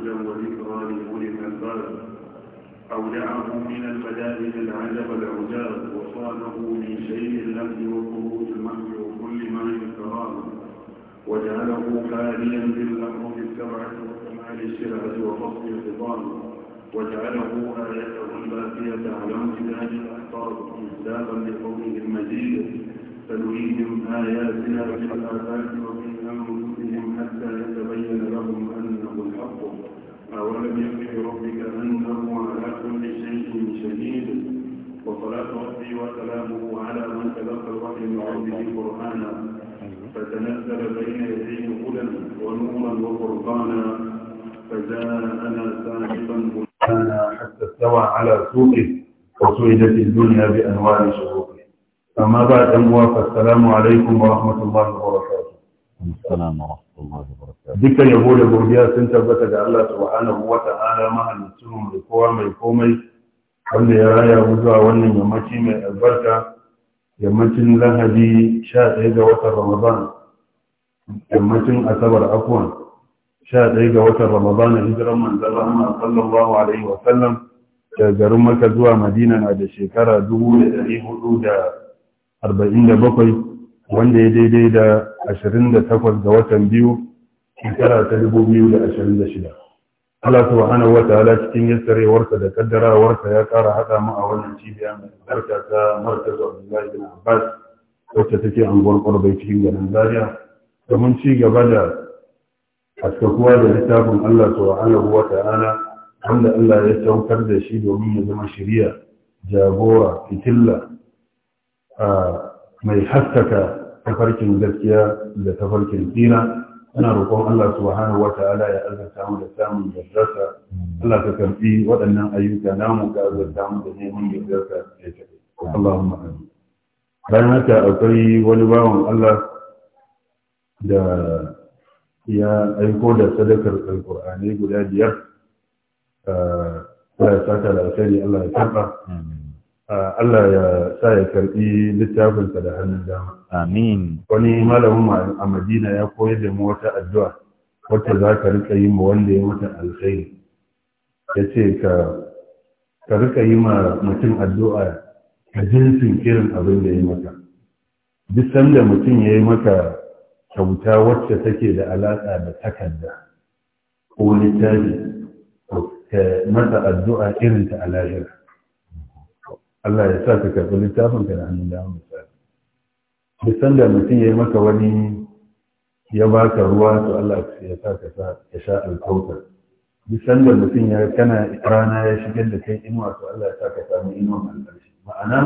هدى وذكرى لأولي الألباب أودعه من البدائل العجب العجاب وصانه من شيء اللفظ والخروج المحو وكل ما يكرام وجعله خاليا بالأمر السبعة وكمال الشرعة وفصل الخطام وجعله آية الباقية على امتداد الأحقاب مصداقا لقوله المجيد تنويهم آياتنا في الآفاق وفي أنفسهم حتى يتبين لهم أنه الحق أولم يكفي بربك أنه على كل شيء شهيد وصلاة ربي وسلامه على من تلقى الوحي من ربه قرآنا فتنزل بين يديه هدى ونورا وفرقانا فجاءنا ساحبا بلدانا حتى استوى على سوقه وسعدت الدنيا بأنواع شروقه أما بعد أموا فالسلام عليكم ورحمة الله وبركاته السلام ورحمة dukkan yabo da godiya sun tabbata ga Allah subhanahu wa ta'ala mahalicin mai kowa mai komai wanda ya raya zuwa wannan yammaci mai albarka yammacin lahadi sha daya ga watan ramadan yammacin asabar afwan daya ga watan ramadan hijiran manzon Allah sallallahu alaihi wa sallam da garin Makka zuwa Madina na da shekara 1447 wanda ya daidai da 28 ga watan biyu shekara ta 2026 Allah subhanahu wata) ta'ala cikin yassarewarsa da kaddarawarsa ya kara haɗa mu a wannan cibiya mai barka ta markazu Abdullahi bin Abbas wacce take anguwar Ƙwarbai cikin garin Zaria mun ci gaba da haskakuwa da littafin Allah subhanahu wa ta'ala wanda Allah ya saukar da shi domin ya zama shirya jagora fitilla mai haskaka tafarkin gaskiya da tafarkin tsira ana roƙon Allah subhanahu wata'ala ya azurta mu da samun yardarsa Allah ka karfi waɗannan ayyuka namu ka azurta mu da neman yardarsa ya tafi Allahumma amin bayan haka akwai wani bawan Allah da ya aiko da sadakar alkur'ani guda biyar ah, Allah ya saka da asali Allah ya karɓa Allah ya sa ya karɓi littafinsa da hannun dama. Amin. Wani malamin a Madina ya koyar da mu wata addu'a wacce za ka rika yi ma wanda ya mutu alkhairi. Ya ce ka rika yi ma mutum addu'a ka jinsin irin abin da ya maka. Duk sanda mutum ya yi maka kyauta wacce take da alaƙa da takarda ko littafi, ka masa addu'a irin ta a lahira. Allah ya sa ka karɓi littafin ka da hannun dama misali duk sanda mutum ya yi maka wani ya baka ruwa to Allah ya sa ka sa ya sha alkautar duk sanda mutum ya kana rana ya shigar da kai inuwa to Allah ya sa ka samu inuwan alƙarshi ma'ana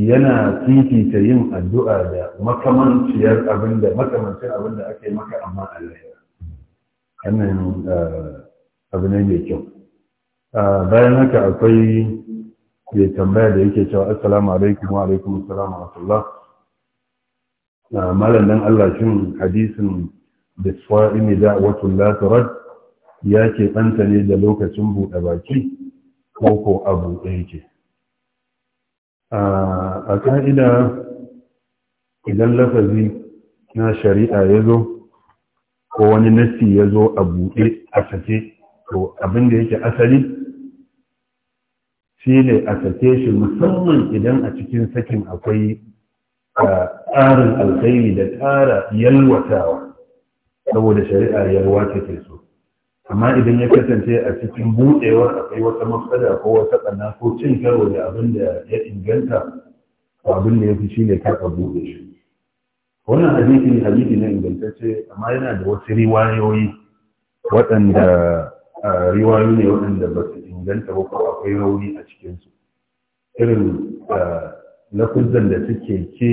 yana fifita yin addu'a da makamanciyar abin da makamancin abin da aka yi maka amma Allah ya wannan ah, abu ne mai kyau ah, bayan haka akwai ya tambaya da yake cewa assalamu alaikum wa alaikum assalam wa rahmatullah ah, malam dan Allah shin hadisin da sa'imi da la turad ya ke tsanta ne da lokacin buɗe baki ko ko a buɗe yake ah, a ka'ida idan lafazi na shari'a ya zo ko wani nasi ya zo a buɗe a sake to abin da yake asali shine a sake shi musamman idan a cikin sakin akwai tsarin alkhairi da tsara yalwatawa saboda shari'a yalwa take so amma idan ya kasance a cikin buɗewar akwai wata matsala, ko wata tsana ko cin karo da abin da ya inganta ko abin da ya fi shine kaka buɗe shi wannan hadisi hadisi na ingantacce amma yana da wasu riwayoyi waɗanda riwayoyi ne waɗanda ba idan ba ko akwai rauni a cikinsu irin eh, lafuzan da suke ke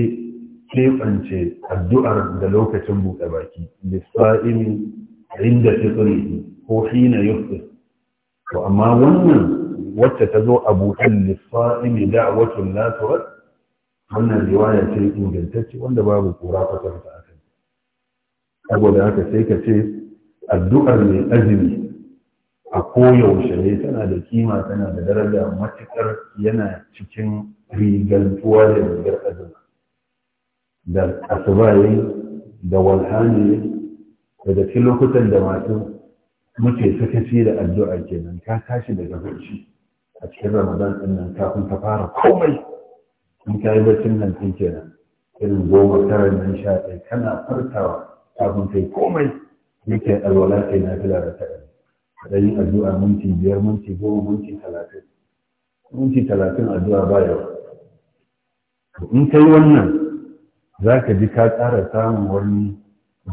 keɓance addu'ar da lokacin buɗe baki lissa'imi inda fitri ko hina yuftir to amma wannan wacce ta zo a buɗen lissa'imi da'awatun la turad wannan riwaya ce ingantacce wanda babu kura kwatanta akan saboda haka sai ka ce addu'ar mai azumi a koyaushe ne tana da kima tana da daraja matuƙar yana cikin rigantuwa da rigar azumi da asubayi da walhani daga cikin lokutan da masu muke sakaci da addu'a kenan ka tashi daga barci a cikin ramadan din nan kafin ka fara komai in ka yi barcin nan tun kenan irin goma tara nan sha ɗaya kana farkawa kafin kai komai yake alwala kai na fila da ta'a da yin addu'a minti biyar minti goma minti talatin minti talatin addu'a ba yau in kai wannan za ka ji ka tsara samun wani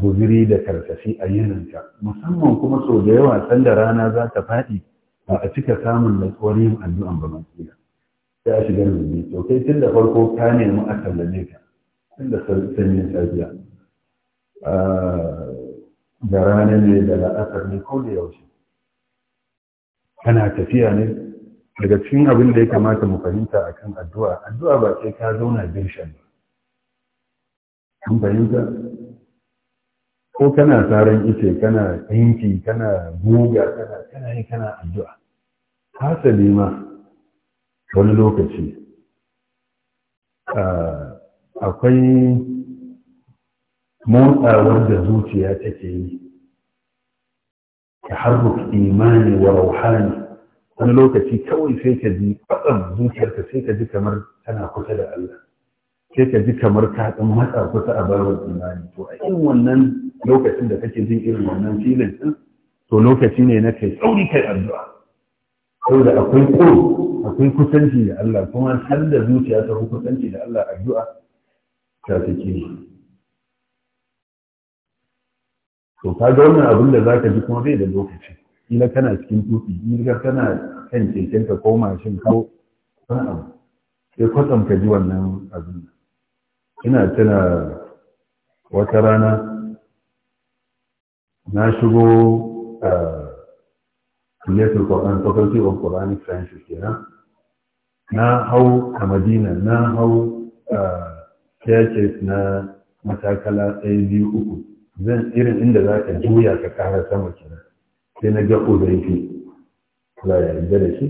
guziri da karkashi a yininka musamman kuma sau da yawa sanda rana za ta faɗi ba a cika samun natsuwar yin addu'an ba matsila sai a shiga biyu to kai tun da farko ka nemi a sallame ka tun da sanyin safiya ah, da rana ne da la'asar ne ko da yaushe kana tafiya ne daga cikin abin da ya kamata mu fahimta akan addu'a addu'a ba sai ka zauna dirshan ba fahimta ko kana tsaron ice kana yanki kana guga kana kana yi kana addu'a hasali ma wani lokaci ah, akwai motsawar da zuciya take yi taharruk imani wa rauhani wani lokaci kawai sai ka ji kwatsam zuciyarka sai ka ji kamar tana kusa da Allah sai ka ji kamar ka ɗan matsa kusa a babu imani to a irin wannan lokacin da kake jin irin wannan filin din to lokaci ne na kai tsauri kai addu'a saboda akwai ko akwai kusanci da Allah kuma har da zuciya ta kusanci da Allah addu'a ta take to ka ga wannan abin da zaka ji kuma bai da lokaci kila kana cikin tuki kila kana kan keken ka ko mashin ko wani abu sai kwatsam ka ji wannan abin ina tana wata rana na shigo a ah, Kuletul Quran, Faculty of Quranic Sciences kenan. Na hau a Madina, na hau a ah, Kiyakes na matakala ɗaya biyu uku zan irin inda za ka juya ka kara sama kira sai na ga uzaifi Allah ya yarda da shi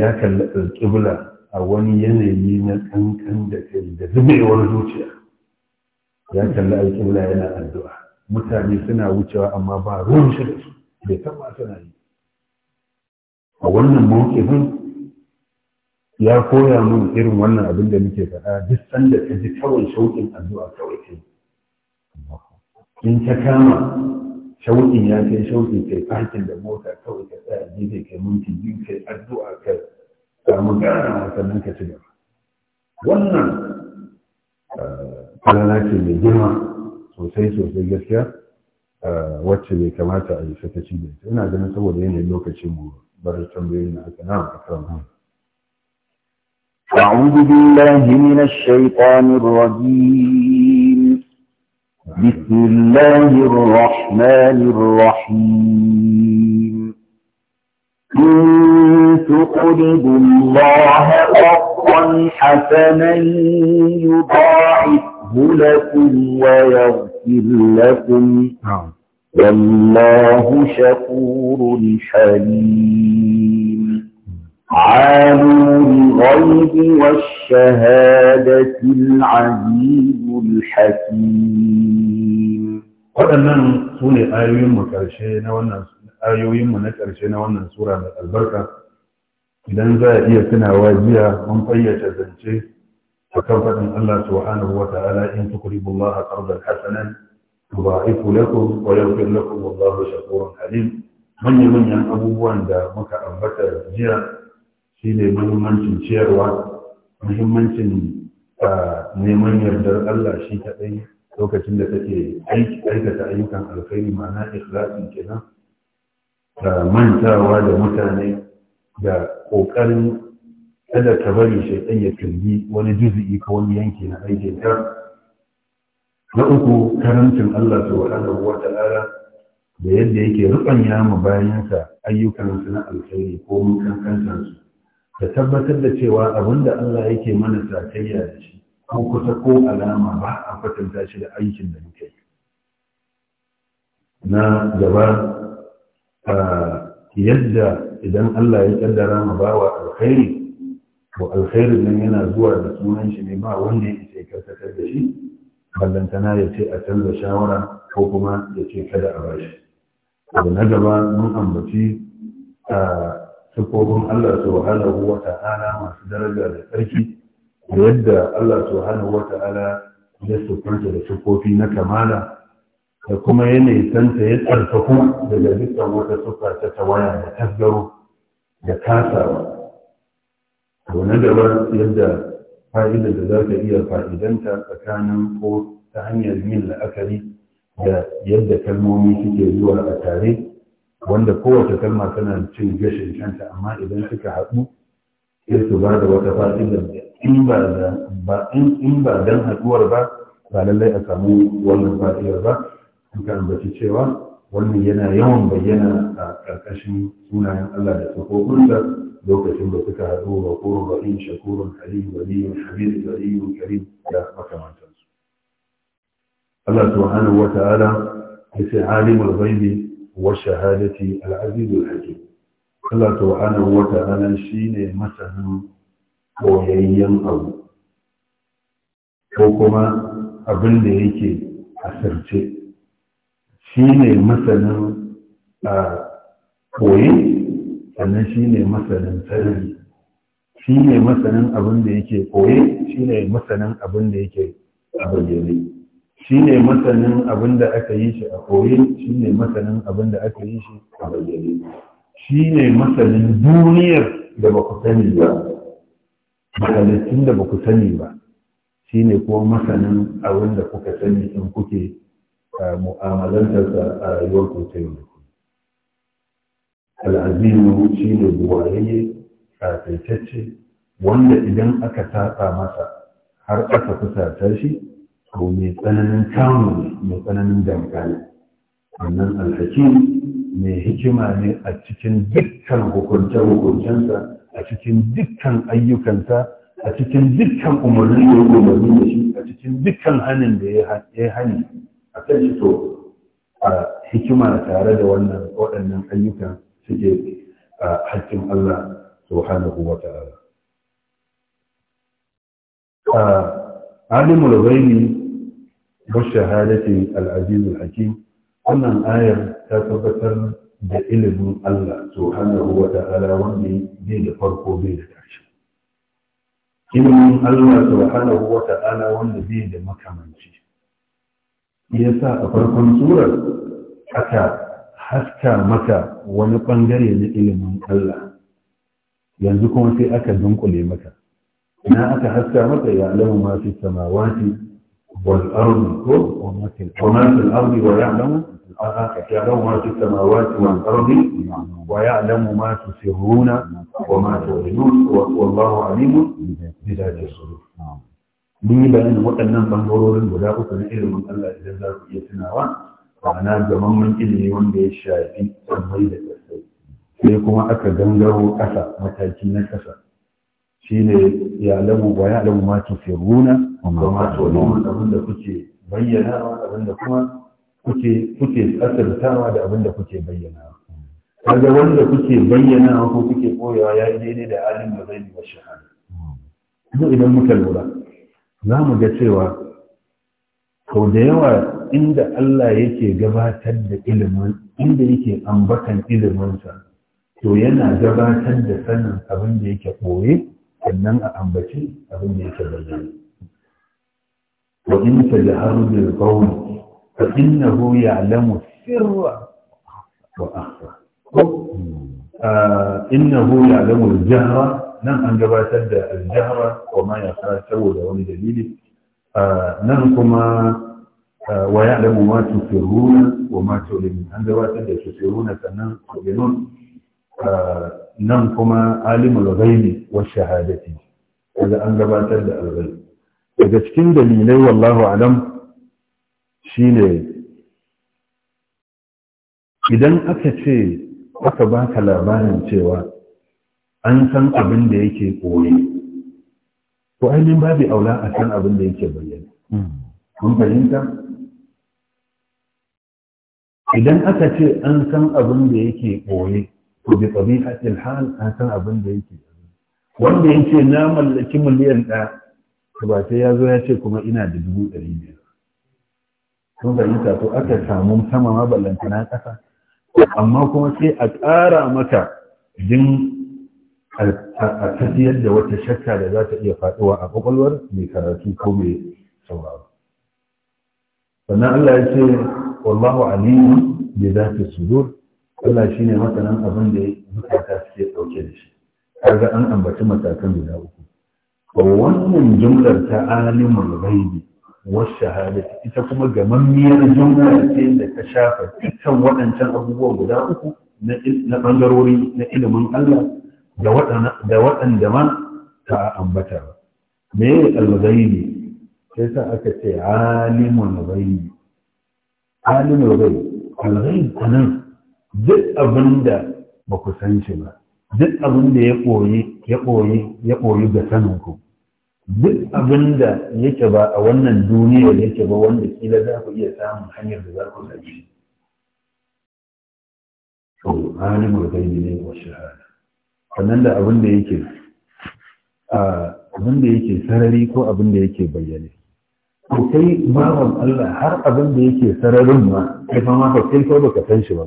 ya kalli kibla a wani yanayi na kankan da kai da zubewar zuciya ya kalli alƙibla yana addu'a mutane suna wucewa amma ba ruwan shi da su bai san suna yi a wannan mawkifin ya koya mun irin wannan abin da muke faɗa duk sanda ka ji kawai shauƙin addu'a kawai kai in ta kama shauƙin ya kai shauƙi kai fahimtar da mota kawai ka tsaya gefe kai minti biyu kai addu'a kai samu gana sannan ka ci gaba wannan eh, falala ce mai girma sosai sosai gaskiya eh, wacce bai kamata a yi ta da ita ina ganin saboda yanayin lokacin mu bar tambayoyin na aka na akram أعوذ بالله من الشيطان الرجيم بسم الله الرحمن الرحيم إن تقرضوا الله قرضا حسنا يضاعفه لكم ويغفر لكم نعم. والله شكور حليم عالم الغيب والشهادة العزيز الحكيم waɗannan su ne ayoyinmu ƙarshe na wannan ayoyinmu na ƙarshe na wannan sura mai albarka idan za a iya tunawa jiya mun fayyace zance a kan faɗin Allah subhanahu wa ta'ala in tukribu Allah qardan hasanan yudha'ifu lakum wa yaghfir lakum wallahu shakurun halim manyan manyan abubuwan da muka ambata jiya shi ne muhimmancin ciyarwa muhimmancin neman yardar Allah shi kaɗai lokacin da take aikata ayyukan alkhairi ma'ana ikhlasin kenan da mantawa da mutane da ƙoƙarin kada ta bari shaitan ya kirgi wani juzi'i ko wani yanki na aikin na uku karancin Allah subhanahu wa ta'ala da yadda yake rubanya mu bayansa ayyukansu na alkhairi ko mun kankantansu da tabbatar da cewa abin da Allah yake mana sakayya da shi ko kusa ko alama ba a kwatanta shi da aikin da muke yi na gaba yadda idan Allah ya kaddara mu bawa alkhairi to alkhairin nan yana zuwa da sunan shi ne ba wanda ya ce karkatar da shi ballantana ya ce a canza shawara ko kuma ya ce kada a bashi abu na gaba mun ambaci sifofin Allah subhanahu wa ta'ala masu daraja da tsarki da yadda Allah subhanahu wa ta'ala ya sufanta da sifofi na kamala da kuma yanayi santa ya tsarkaku daga dukkan wata suka ta tawaya da tasgaro da kasawa to na gaba yadda fa'idar da za ka iya fa'idanta tsakanin ko ta hanyar yin la'akari da yadda kalmomi suke zuwa a tare wanda kowace kalma tana cin gashin kanta amma idan suka haɗu sai su ba da wata fa'ida in ba da in ba dan haɗuwar ba ba lallai a samu wannan fa'idar ba in ka ambaci cewa wannan yana yawan bayyana a ƙarƙashin sunayen Allah da tsokokinsa lokacin da suka haɗu wa kurun ra'in shakurun halim waliyun habib waliyun karim da makamantansu Allah subhanahu wa ta'ala ya ce alimul ghaibi والشهادة العزيز الحكيم Allah subhanahu wa ta'ala shine masanin koyayyen abu ko kuma abin da yake asirce ne masanin a koyi sannan ne masanin sarari ne masanin abin da yake koyi ne masanin abin da yake a bayyane shi ne masanin abin da aka yi shi a koyi shi ne masanin abin da aka yi shi a bayyane shi ne masanin duniyar da ba ku sani ba halittun da ba ku sani ba shi ne kuma masanin abin da kuka sani in kuke mu'amalantarsa a rayuwar ku ta yau al'azimu shi ne buwaye a taitacce wanda idan aka saba masa har aka kusa shi ko mai tsananin kamu mai tsananin dankali wannan alhaki mai hikima ne a cikin dukkan hukunce-hukuncensa a cikin dukkan ayyukansa a cikin dukkan umarnin da ya umarni da shi a cikin dukkan hannun da ya hani a kan shi to a hikima tare da wannan waɗannan ayyukan suke a haƙƙin Allah subhanahu wa ta'ala alimul ghaibi wa shahadati al-aziz al-hakim wannan ayar ta tabbatar da ilimin Allah subhanahu wa ta'ala wanda bai da farko bai da ƙarshe ilimin Allah subhanahu wa ta'ala wanda bai da makamanci yasa a farkon surar aka haska maka wani bangare na ilimin Allah yanzu kuma sai aka dunkule maka ina aka haska maka ya alamu ma fi samawati wal ardi ko wa ma fi ardi wa ya'lamu ya يعلم ما في السماوات والأرض ويعلم ما wa وما تعلنون والله عليم بذات Mun yi bayanin waɗannan ɓangarorin guda uku na ilimin Allah idan za ku iya tunawa ma'ana gamamman ilimi wanda ya shafi tsammai da ƙasai sai kuma aka gangaro ƙasa mataki na ƙasa shine ya lamu wa ya lamu ma tusirruna wa ma tu'linuna abin da kuke bayyana abin da kuma kuke kuke asirtawa da abin da kuke bayyana kaga wanda kuke bayyana ko kuke koyawa ya yi daidai da alim da zai wa shahada duk idan muka lura za mu ga cewa sau da yawa inda Allah yake gabatar da ilimin inda yake ambatan iliminsa to yana gabatar da sanin abin da yake koye sannan a ambaci abin da yake bayyana wa in tajharu bil qawl fa innahu ya'lamu sirra wa akhfa innahu ya'lamu al jahra nan an gabatar da al jahra wa ma yaqra saboda wani dalili nan kuma ويعلم ما تسرون وما تعلنون عند وقت تسرون فنان تعلنون nan kuma alimul ghaibi wa shahadati kaga an gabatar da alghaib daga cikin dalilai wallahu alam shine idan aka ce aka baka labarin cewa an san abin da yake koyi to ainihin babu aula a san abin da yake bayyana kun fahimta idan aka ce an san abin da yake koyi to bi tabi'atil hal an san abin da yake wanda yake na mallaki miliyan ɗaya to ba sai ya zo ya ce kuma ina da dubu ɗari biyar Sun fahimta to aka samu sama ma ballanta na ƙasa amma kuma sai a ƙara maka din a tafiyar da wata shakka da za ta iya faɗuwa a ƙwaƙwalwar mai karatu ko mai sauraro sannan Allah ya ce wallahu alimu bi zati sudur Allah shi ne masanan abin da zukata suke ɗauke da shi kaga an ambaci matakan guda uku to wannan jumlar ta alimul ghaibi was ita kuma gamammiyar jumlar ce da ta shafa dukkan waɗancan abubuwan guda uku na ɓangarori na ilimin Allah da waɗanda ma ta ambata ba me al-ghaibi sai sa aka ce alimul ghaibi alimul ghaibi al-ghaib anan duk abin da ba ku san shi ba duk abin da ya koyi ya koyi ya koyi ga saninku duk abin da yake ba a wannan duniya yake ba wanda kila za ku iya samun hanyar da za ku sami shi to alimul ne wa shahada sannan da abin da yake a abin da yake sarari ko abin da yake bayyane to kai bawan Allah har abin da yake sararin ma kai fa ma kai ko baka san shi ba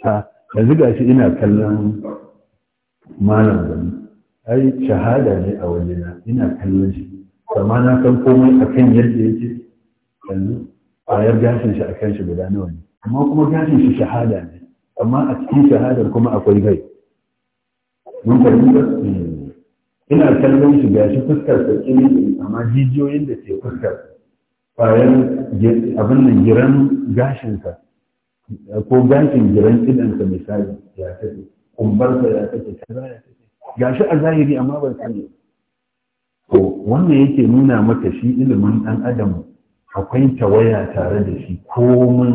ta yanzu ga shi ina kallon malam gani ai shahada ne a wajena ina kallon shi amma na san komai akan yadda yake yanzu yar gashin shi a kan shi guda nawa ne amma kuma gashin shi shahada ne amma a cikin shahadar kuma akwai gai mun fahimta eh. ina kallon shi gashi fuskar sa kiri amma jijiyoyin da ke fuskar bayan abin nan giran gashinsa ko gashin jiran idansa misali ya take kumbarsa ya kake kaza ya take gashi a zahiri amma ban ne to wannan yake nuna maka shi ilimin dan adam akwai tawaya tare da shi komin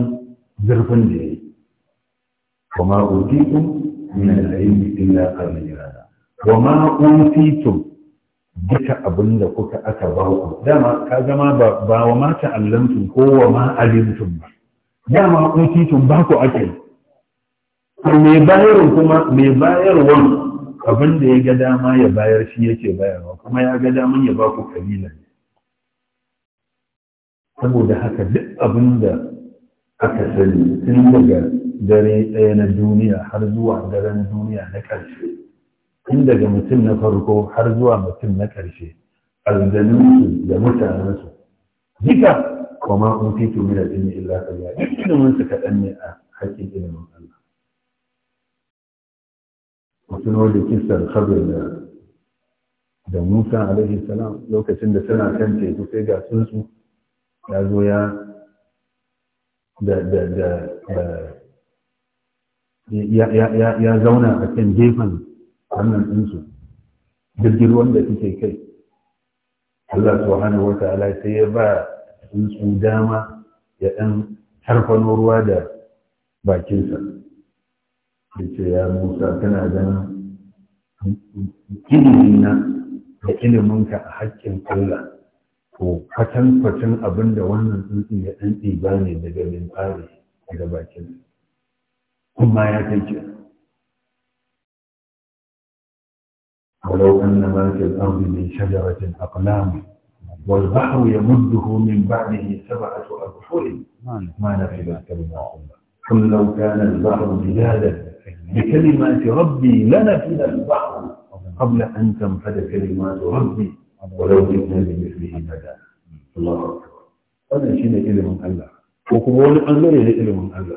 zurfin da yayi kuma utitum min al-ilmi illa qalila wa ma utitum duka abin da kuka aka ba ku dama ka zama ba wa ma ta'allamtum ko wa ma alimtum ba dama kun titin ba ku ake mai bayar kuma mai bayar wani. abin da ya ga dama ya bayar shi yake bayarwa kuma ya ga daman ya ba ku kalila saboda haka duk abin da aka sani tun daga dare ɗaya na duniya har zuwa daren duniya na ƙarshe tun daga mutum na farko har zuwa mutum na ƙarshe aljanunsu da mutanensu duka kuma an fi tumi da jini illa kariya ilimin su kaɗan ne a hakkin ilimin Allah mutum da kisar khabir da da Musa alaihi salam lokacin da suna kan teku sai ga tsuntsu ya zo ya da da da ya zauna a kan gefen wannan tsuntsu jirgin ruwan da suke kai Allah subhanahu wa ta'ala sai ya ba tsuntsu dama ya ɗan harfano ruwa da bakinsa ya ce ya musa kana ganin ilimina da iliminka a haƙƙin Allah ko kwatan kwatan abin da wannan tsuntsun ya ɗan ɗiba ne daga min tsari daga bakinsa kuma ya kai kenan ولو أن ما في الأرض من شجرة والبحر يمده من بعده سبعة أبحر ما نفذت كلمات الله قل لو كان البحر مدادا بكلمات ربي لنفذ البحر قبل أن تنفذ كلمات ربي ولو جئنا بمثله مدى الله أكبر أنا شيء إلم الله وكبول أنظر إلى إلم الله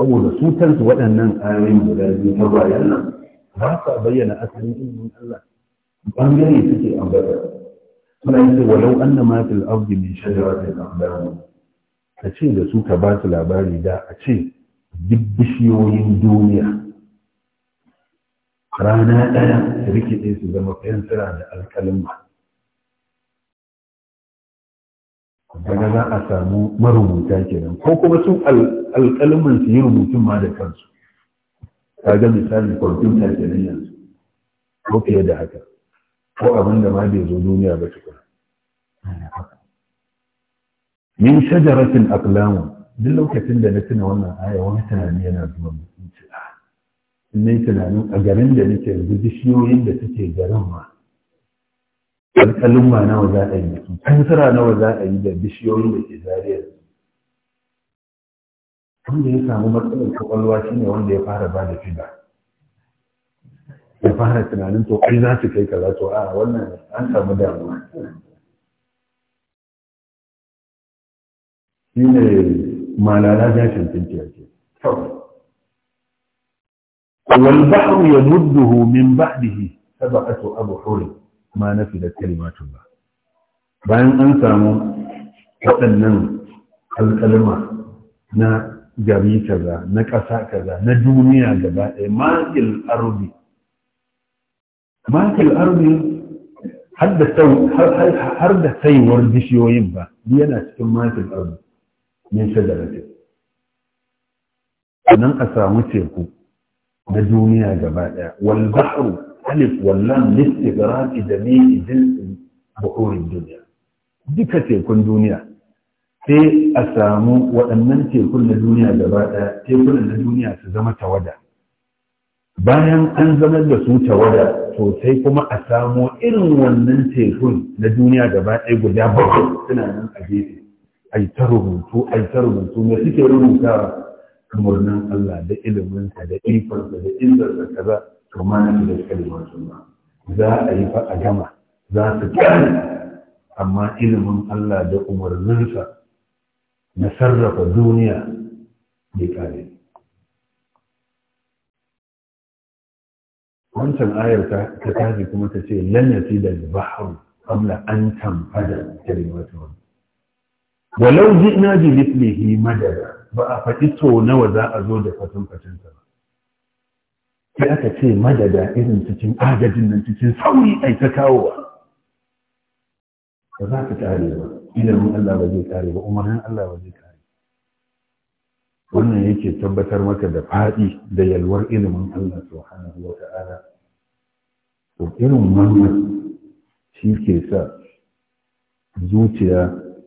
أولا سوتنس وأنا آمين ولا يتبع بيانا ما تبين أسلم إلم الله أنظر إلى أنبتا Allah ya ce walau anna ma fil ardi min shajaratin aqlam ka ce da su ka ba su labari da a ce duk bishiyoyin duniya rana ɗaya su rikide su zama fensira da alkalma daga za a samu marubuta kenan ko kuma su alkalman su yi rubutun ma da kansu ga misali kwamfuta kenan yanzu ko fiye da haka ko abin da ma bai zo duniya ba tukuna min shajaratin aklamu, duk lokacin da na tuna wannan aya wani tunani yana zuwa mutum ce a ah, tunanin a garin da nake yanzu bishiyoyin da suke garin ma alƙalin ma nawa za a yi da su nawa za a yi da bishiyoyin da ke zariya su? wanda ya samu matsalar kwakwalwa shine wanda ya fara ba da fiba ya fara tunanin to ai za su kai kaza to a wannan an samu damuwa shi ne malala gashin tinki yake wal ba'ru yamudduhu min ba'dihi sabaqatu abu huri ma nafidat ba, bayan an samu waɗannan alƙalma na gari kaza na ƙasa kaza na duniya gaba ɗaya ma'il arbi ma fil ardi har da saiwar bishiyoyin ba yana cikin ma fil ardi min shajaratin nan a samu teku na duniya gaba ɗaya wal bahru alif wallan listigrati jami'i jinsin buhurin duniya duka tekun duniya sai a samu waɗannan tekun na duniya gaba ɗaya tekunan na duniya su zama tawada bayan an zama da su tawada sosai kuma a samo irin wannan tekun na duniya gaba ɗaya guda bakwai suna nan a gefe ai ta rubutu ai ta rubutu na suke rubuta murnan Allah da iliminsa da ikonsa da illarsa kaza to ma na da kalmar sunna za a yi fa a gama za su kyale amma ilimin Allah da umarninsa na sarrafa duniya bai kare wancan ayar ta tashi kuma ta ce lanasi da bahru qabla an tanfada kalimatu walau ji'na bi mithlihi madada ba a faɗi to nawa za a zo da fatan fatan ba sai aka ce madada irin cikin agajin nan cikin sauri ai ta kawowa ba za ka kare ba ilimin Allah ba zai kare ba umarnin Allah ba zai kare wannan yake tabbatar maka da faɗi da yalwar ilimin Allah subhanahu wa ta'ala to irin wannan shi ke sa zuciya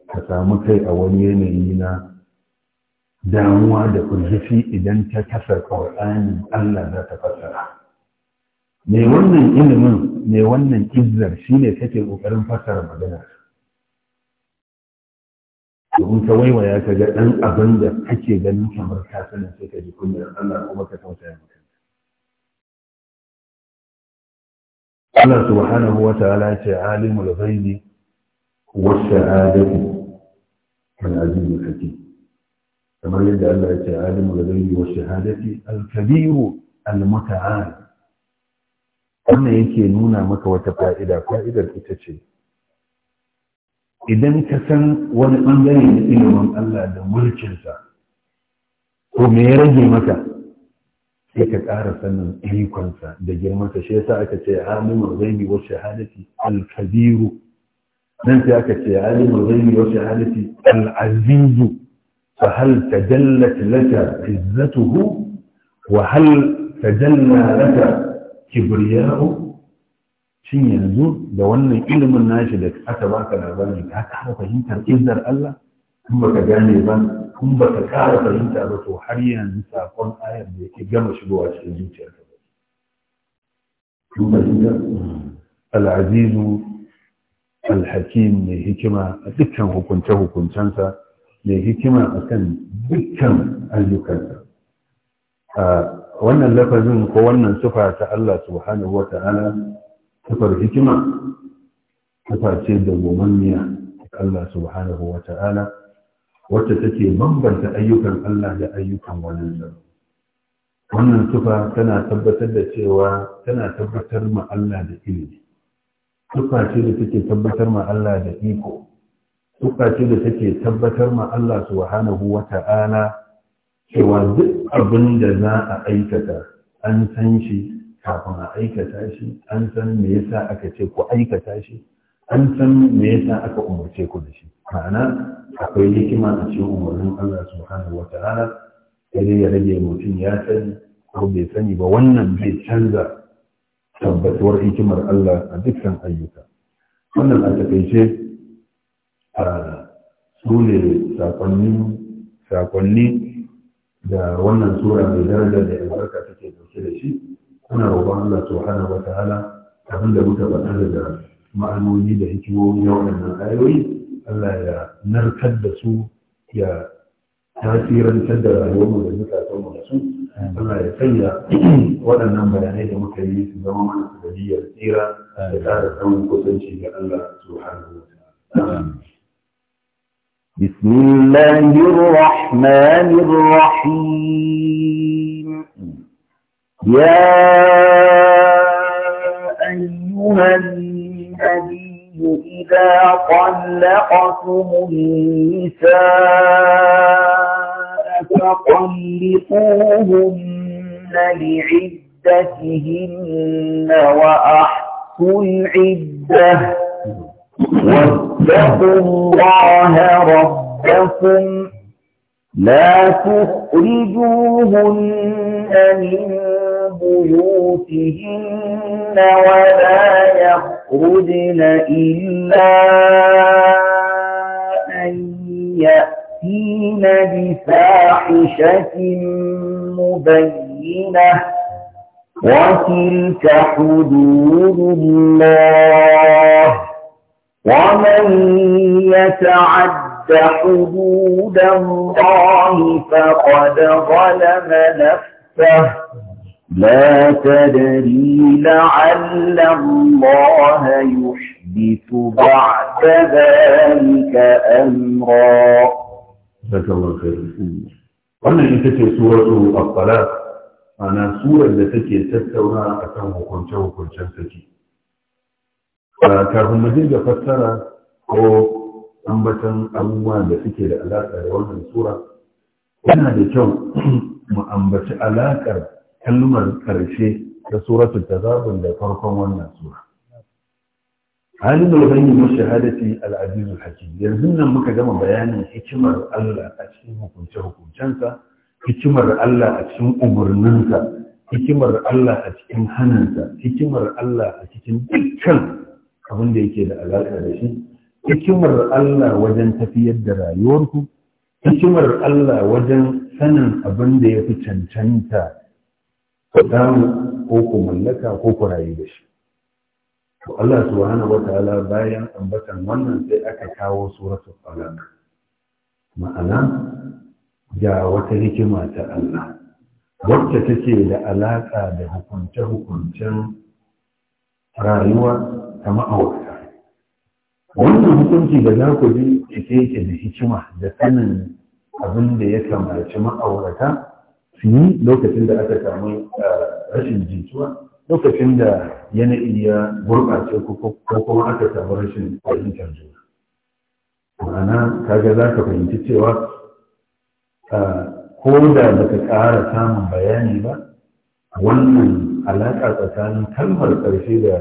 ka samu kai a wani yanayi na damuwa da firgici idan ta kasar ƙwar'anin Allah za ta fassara. Mai wannan ilimin, mai wannan izzar shi ne take ƙoƙarin fassara maganar. domin ka waiwaya ka ga ɗan abin da kake ganin kamar ka sanin sai ka ji kunyar Allah kuma ka tausaya maka Allah subhanahu wa ta'ala ce alimul ghaibi was shahadati al aziz al hakim kamar yadda Allah ya ce alimul ghaibi was shahadati al kabiru al muta'al wannan yake nuna maka wata fa'ida fa'idar ita ce idan ka san wani ɓangare na ilimin Allah da mulkinsa ko me ya rage maka sai ka ƙara sanin ikonsa da girmansa shi yasa aka ce alimul ghaibi wa shahadati al kabir nan sai aka ce alimul ghaibi wa shahadati al aziz fa hal tajallat laka izzatuhu wa hal tajalla laka kibriyahu shin yanzu da wannan ilimin nashi da aka baka labari ka kara fahimtar izzar Allah Kun baka gane ba kun baka kara fahimta ba to har yanzu sakon ayar da yake gama shigowa cikin zuciyarka ba kun fahimta al-azizu al-hakim mai hikima a dukkan hukunce-hukuncensa mai hikima akan dukkan ayyukansa wannan lafazin ko wannan sufa ta Allah subhanahu wa ta'ala kafar hikima kafa ce da gomanniya Allah subhanahu wa ta'ala wacce take bambanta ayyukan Allah da ayyukan waninsa. Wannan tufa tana tabbatar da cewa tana tabbatar ma Allah da ilimi. Tufa ce da take tabbatar ma Allah da iko. Tufa ce da take tabbatar ma Allah subhanahu wa ta'ala cewa duk abin da za a aikata an san shi kafin a aikata shi an san me yasa aka ce ku aikata shi an san me yasa aka umarce ku da shi ma'ana akwai hikima a cikin umarnin Allah subhanahu wa ta'ala sai ya rage mutum ya sani ko bai sani ba wannan bai canza tabbatuwar hikimar Allah a dukkan ayyuka wannan a takaice a su ne sakonni da wannan sura mai daraja da albarka take dauke da shi أنا رضا الله سبحانه وتعالى أن بكبا أهل مع المنيدة هكو يوم من الآيوي ألا يا نركد سو يا تاثيرا تدى يوم من المتعة يوم من سو ألا يا سيا ولا نعم بلانيه مكيه في زمام عن السبجية سبحانه وتعالى بسم الله الرحمن الرحيم يا أيها النبي إذا طلقتم النساء فطلقوهن لعدتهن وأحصوا العدة واتقوا الله ربكم لا تخرجوهن من بيوتهن ولا يخرجن إلا أن يأتين بفاحشة مبينة وتلك حدود الله ومن يتعد حدود الله فقد ظلم نفسه لا تدري لعل الله يحدث بعد ذلك أمرا جزاك الله خير وانا ان تتي سورة الطلاق انا سورة التي تتونا اتوه كنت وكنت تتي فكهم مزيد فترة او انبتا اموا التي لألاقة لولا السورة انا دي كو ما انبتا kalmar ƙarshe ta suratul tazabun da farkon wannan sura halin da wani yi shahadati al'azizu hakim yanzu nan muka gama bayanin hikimar Allah a cikin hukunce-hukuncensa hikimar Allah a cikin umarninsa hikimar Allah a cikin hannunsa hikimar Allah a cikin dukkan abin da yake da alaƙa da shi hikimar Allah wajen tafiyar da rayuwarku hikimar Allah wajen sanin abin da ya fi cancanta ku ko ku mallaka ko ku rayu da shi to Allah subhanahu wataala bayan ambatan wannan sai aka kawo suratul falaq ma'ana ga wata hikima ta Allah wacce take da alaka da hukunce-hukuncen rayuwa ta ma'aurata wannan hukunci da za ku ji cike yake da hikima da sanin abin da ya kamaci ma'aurata su lokacin da aka samu eh, rashin jituwa lokacin da yanayi ya gurɓace ko kuma aka samu rashin fahimtar zuwa. ma'ana kaga za ka fahimci cewa eh, ko da ba ka ƙara samun bayani ba wannan alaƙa tsakanin kalmar ƙarshe da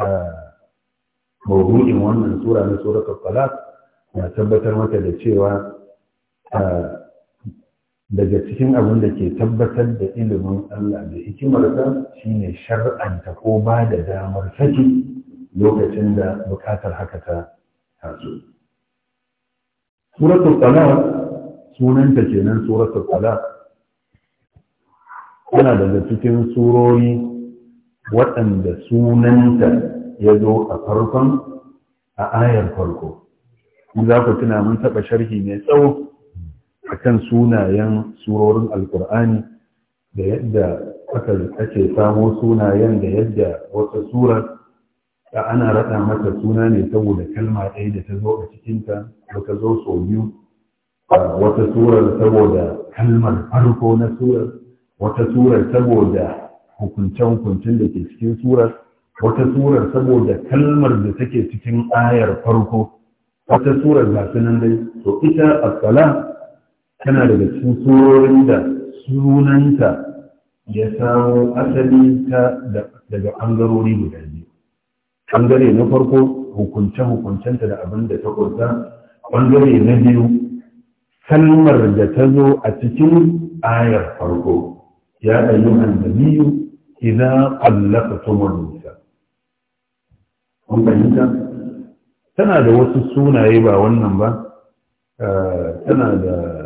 eh, maudu'in wannan tura na tsoron talaq na tabbatar mata da cewa daga cikin abin da ke tabbatar da ilimin Allah da hikimarsa shine shar'anta ko ba da damar saki lokacin da bukatar haka ta taso. Suratul Talaq sunanta kenan Suratul Talaq yana daga cikin surori waɗanda sunanta ya zo a farkon a ayar farko. Za ku tuna mun taɓa sharhi mai tsawo akan sunayen surorin alkur'ani da yadda aka ake samo sunayen da yadda wata surar da ana raɗa mata suna ne saboda kalma ɗaya da ta zo a cikinta wata zo sau biyu wata surar saboda kalmar farko na surar wata surar saboda hukunce-hukuncen da ke cikin surar wata surar saboda kalmar da take cikin ayar farko wata surar ga sunan dai to ita asala tana daga cikin surorin da sunanta ya samo asalinta daga ɓangarori guda biyu ɓangare na farko hukunce-hukuncenta da abin da ta kunsa ɓangare na biyu kalmar da ta zo a cikin ayar farko ya ayyuhan ina idza qallaqtum nisa kun fahimta tana da wasu sunaye ba wannan ba eh, tana da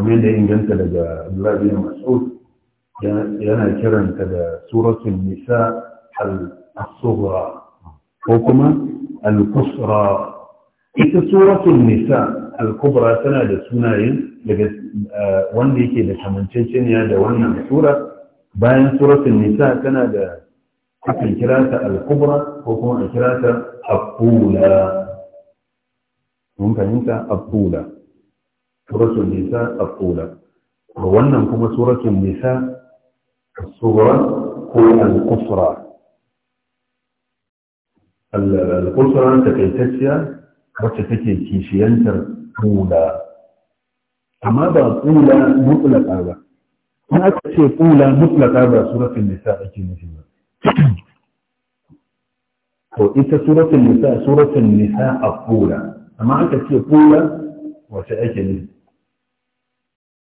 kamar yadda inganta daga Abdullahi bin Mas'ud yana kiranta da suratul nisa al-sughra ko kuma al-kusra ita suratul nisa al-kubra tana da sunayen daga wanda yake da kamanceceniya da wannan sura bayan suratul nisa tana da akan kira ta al-kubra ko kuma a kira ta al-qula mun fahimta al-qula suratul nisa al-ula wannan kuma suratul nisa al-sughra ko al-qusra al-qusra takaitacciya wacce take kishiyantar ula amma ba ula mutlaqa ba in aka ce ula mutlaqa ba suratul nisa ake nufi ba to ita suratul nisa suratul nisa al-ula amma aka ce ula wacce ake nufi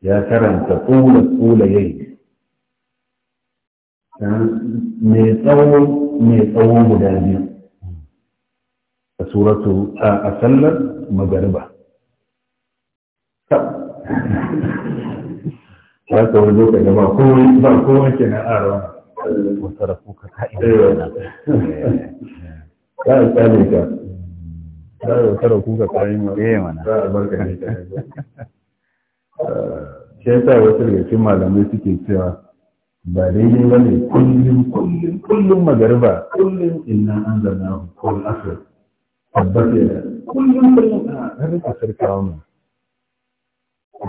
ya karanta tsula tsula yayi mai tsawo mai tsawo guda biyu a suratu a sallar magariba ya ta wani lokaci ba kowai ba kowai ke na arawa wata rafuka ka'ida ta tsale ka ta wata rafuka ka'ida ta eh, eh, barka ne ta shi yasa wasu daga cikin malamai suke cewa ba daidai ba ne kullum kullum kullum magariba kullum inna an zana kul asir tabbata da kullum kullum a ɗan rika sarkawa mu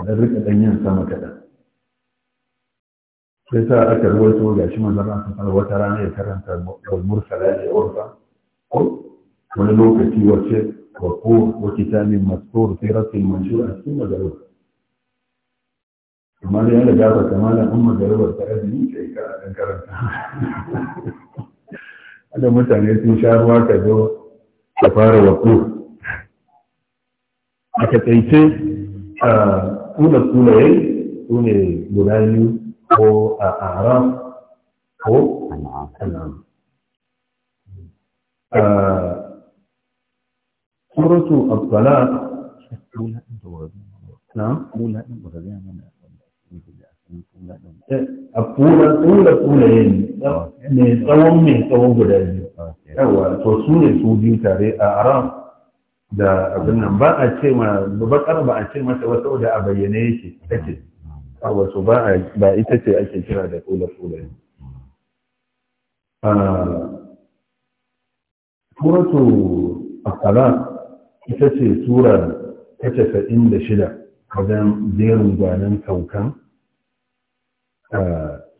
ɗan rika ɗanyen sama kaɗan sai sa aka rawaito ga shi manzon Allah sallallahu wata rana ya karanta al-mursala ya urfa ko wani lokaci wace wa ko kitabin mastur fi rasil manshur a cikin magariba amma dai yana gafa kamalan an magaribar ta azumi sai ka dan karanta da mutane sun sha ruwa ka zo ka fara waƙo a takaice a tula tulaye su ne guda biyu ko a aram ko al'am suratu abdala na? Mula ɗin ba ta zai mana a kula tsula tsula ya yi mai tsawon mai tsawon guda biyu yawa to su ne su biyu tare a aram da abin nan ba a ce ma bakar ba a ce mata wata da a bayyane yake take yawa to ba ba ita ce ake kira da tsula tsula ya Suratu Akala ita ce Sura ta casa'in da shida wajen jerin gwanin kaukan.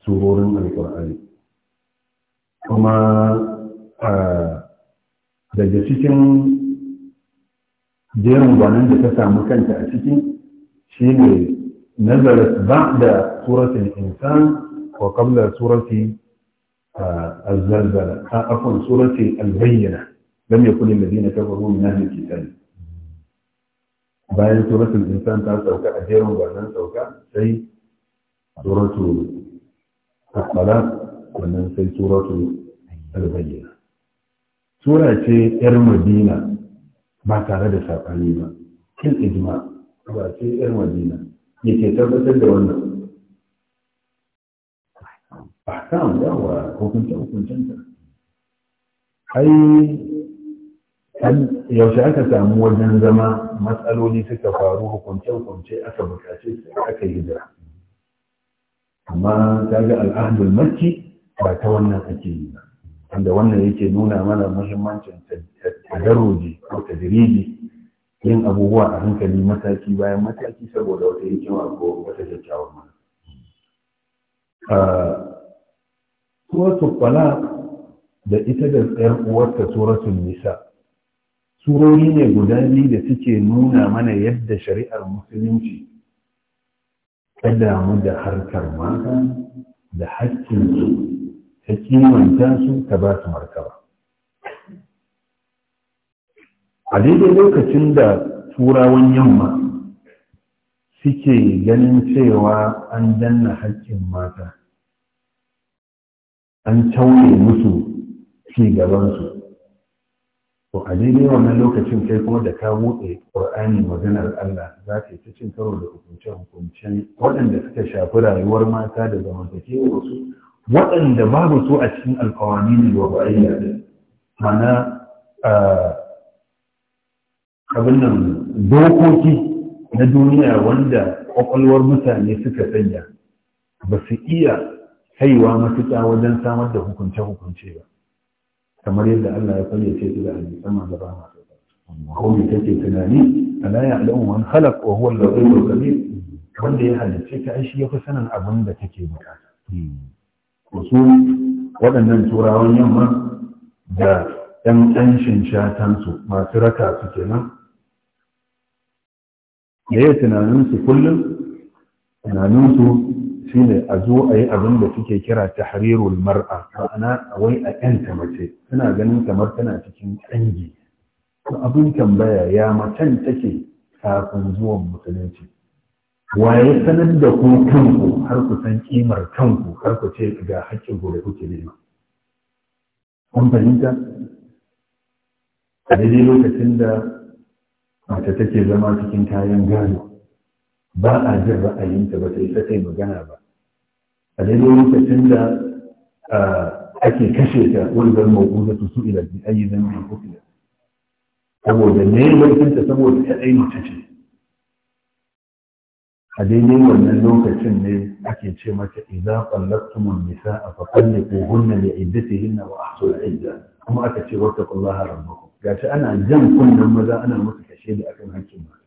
surorin alkur'ani kuma daga cikin jerin gwanon da ta samu kanta a ciki shi ne nazarat ba da suratun insan ko kabla surati الزلزلة عفوا سورة البينة لم يكن الذين كفروا na أهل الكتاب bayan suratul insan ta sauka a jerin gwanon sauka sai al wannan sai suratu al-bayyina sura ce yar madina ba tare da saɓani ba kin ijma ba ce yar madina ya ke tabbatar da wannan ba kan wa hukunta hukuncenta ai yaushe aka samu wajen zama matsaloli suka faru hukunce hukunce aka bukace aka yi jira amma ta ga al'adun makki ba ta wannan ake yi ba wanda wannan yake nuna mana muhimmancin tadarruji ko tadriji yin abubuwa a hankali mataki bayan mataki saboda wata hikima ko wata kyakkyawar mana suratul talaq da ita da tsayar uwarta suratun nisa surori ne guda biyu da suke nuna mana yadda shari'ar musulunci ta damu da harkar mata da haƙƙinsu ta kimanta su ta ba su markaba a daidai lokacin da turawan yamma suke ganin cewa an danna haƙƙin mata an cauye musu ci gabansu to a daidai wannan lokacin kai kuma da ka buɗe ƙur'ani maganar Allah za ka yi ta cin karo da hukunce-hukunce waɗanda suka shafi rayuwar mata da zamantakewar su waɗanda babu su a cikin alkawani ne wa ba'ayya mana abin nan dokoki na duniya wanda ƙwaƙwalwar mutane suka sanya ba su iya kaiwa matuƙa wajen samar da hukunce-hukunce ba kamar yadda Allah ya fayyace su da hadisan manzo ba ma ko me kake tunani ala ya'lamu man khalaq wa huwa al-latiful khabir wanda ya halicce ta shi ya fi sanin abin da take bukata su waɗannan turawan yamma da ɗan ƙanshin shatansu masu raka su kenan da ya tunaninsu kullum tunaninsu shine a zo a yi abin da suke kira ta tahrirul mar'a ma'ana wai a yanta mace suna ganin kamar tana cikin kangi to abin tambaya ya macen take kafin zuwan musulunci waye sanar da ku kanku har ku san kimar kanku har ku ce ga haƙƙin ku da kuke nema kun fahimta a daidai lokacin da mace take zama cikin kayan gano. ba a jin ra'ayinta ba ta kai magana ba a daidai lokacin da ake kashe ta wani zan mawuku da su ila bi ayi zan bi ko ila saboda ne yankin ta saboda ta aini ta ce a daidai wannan lokacin ne ake ce mata idza qallaqtum nisaa fa qalliquhunna li iddatihinna wa ahsul idda kuma aka ce wattaqullaha rabbakum gashi ana jan kunnen maza ana musu kashe da akan hakkin mata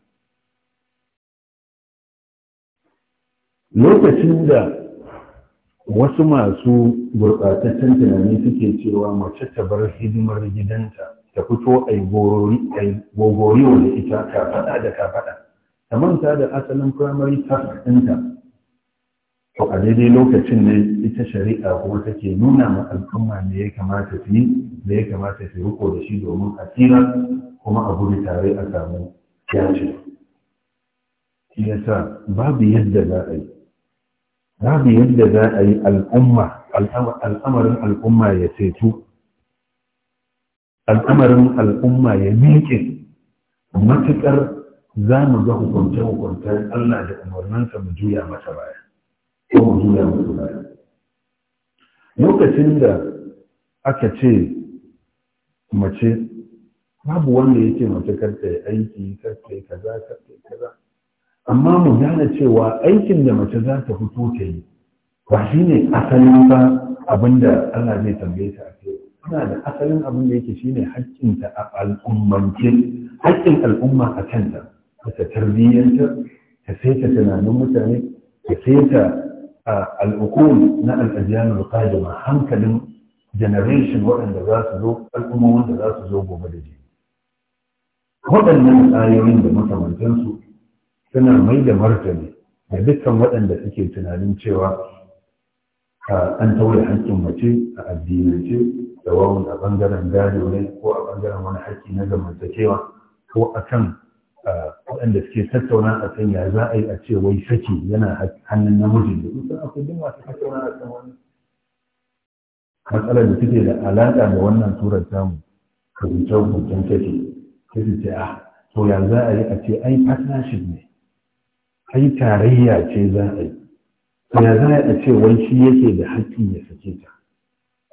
lokacin da wasu masu gurɓataccen tunani suke cewa mace ta bar hidimar gidanta ta fito a yi gogori da ita kafaɗa da kafaɗa ta manta da asalin primary ta ɗinta to a daidai lokacin ne ita shari'a kuma take nuna ma al'umma ne ya kamata su yi ya kamata su riko da shi domin a tsira kuma a gudu tare a samu yace shi yasa babu yadda za a yi babu yadda za a yi al'umma al'amarin al'umma ya ceto al'amarin al'umma ya miƙe matuƙar za mu ga hukunce-hukuncen Allah da umarninsa mu juya masa baya ko mu juya masa baya lokacin da aka ce mace babu wanda yake mace karta aiki karta kaza karta kaza amma mu gane cewa aikin da mace za ta fito ta yi ba shi ne asalin ba abin da Allah zai tambaye ta a ana da asalin abin da yake shi ne haƙƙinta a al'ummance haƙƙin al'umma a kanta da ta tarbiyyanta, ta saita tunanin mutane ta saita al'ukun na al'ajiyanar kajima hankalin generation waɗanda za su zo al'umma wanda za su zo gobe da jini waɗannan tsayoyin da makamantansu suna mai da martani da dukkan waɗanda suke tunanin cewa an taure haƙƙin mace a addinance da wawan a ɓangaren gado ne ko a ɓangaren wani haƙƙi na zamantakewa ko a kan waɗanda suke tattauna a kan ya za a yi a ce wai saki yana hannun namiji da kusan akwai duk masu tattauna a kan wani matsalar da suke da alaƙa da wannan turar samu rubuce-rubucen saki sai su ce a, ah, to ya za a yi a ce ai partnership ne ai tarayya ce za a yi ya za a ce wai shi yake da haƙƙin ya sake ta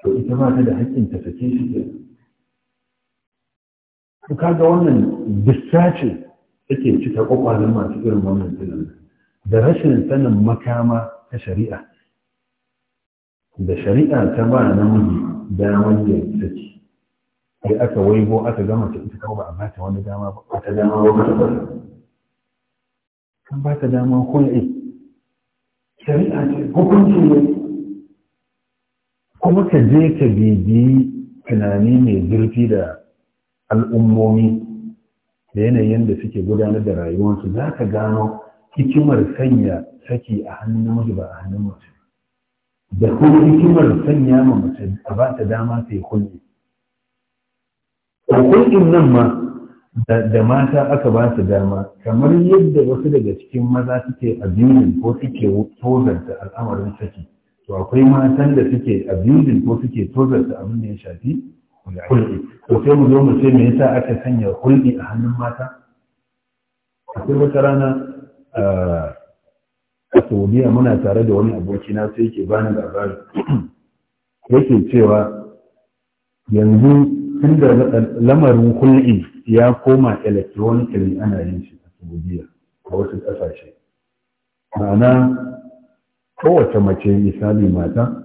to ita ba ta da haƙƙin ta sake shi ke to kaga wannan distraction take cika kwakwalen masu irin wannan tunan da rashin sanin makama ta shari'a da shari'a ta ba namiji damar ya saki sai aka waibo aka gama ta ita kawai ba a bata wani dama ba ta dama ba ta an ba ta dama hulɗi shari'a ce hukunci ne kuma ka je ka bibi tunani mai zurfi da al'ummomi da yanayin da suke gudanar da rayuwarsu za ka gano hikimar sanya saki a hannun mace ba a hannun mace da kuma hikimar sanya ma mace a ba ta dama ta yi hulɗi. Hukumin nan ma da mata aka ba su dama kamar yadda wasu daga cikin maza suke abusing ko suke tozarta al'amarin saki to akwai matan da suke abusing ko suke tozarta abin da ya shafi hulɗi to sai mu zo mu ce me yasa aka sanya hulɗi a hannun mata akwai wata rana a saudiya muna tare da wani aboki na sai yake bani labari yake cewa yanzu tun da lamarin hulɗi ya koma electronically ana yin shi a saudiya a wasu ƙasashe ma'ana kowace mace misali mata